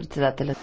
председателя.